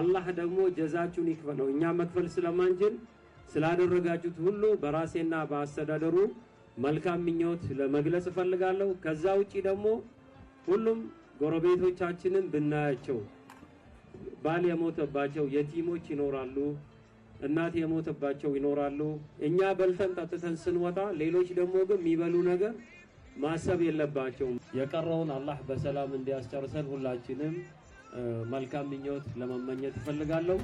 አላህ ደግሞ ጀዛችሁን ይክፈለው። እኛ መክፈል ስለማንችል ስላደረጋችሁት ሁሉ በራሴና በአስተዳደሩ መልካም ምኞት ለመግለጽ እፈልጋለሁ። ከዛ ውጪ ደግሞ ሁሉም ጎረቤቶቻችንን ብናያቸው ባል የሞተባቸው የቲሞች ይኖራሉ፣ እናት የሞተባቸው ይኖራሉ። እኛ በልተን ጠጥተን ስንወጣ፣ ሌሎች ደግሞ ግን የሚበሉ ነገር ማሰብ የለባቸውም። የቀረውን አላህ በሰላም እንዲያስጨርሰን ሁላችንም መልካም ምኞት ለመመኘት እፈልጋለሁ።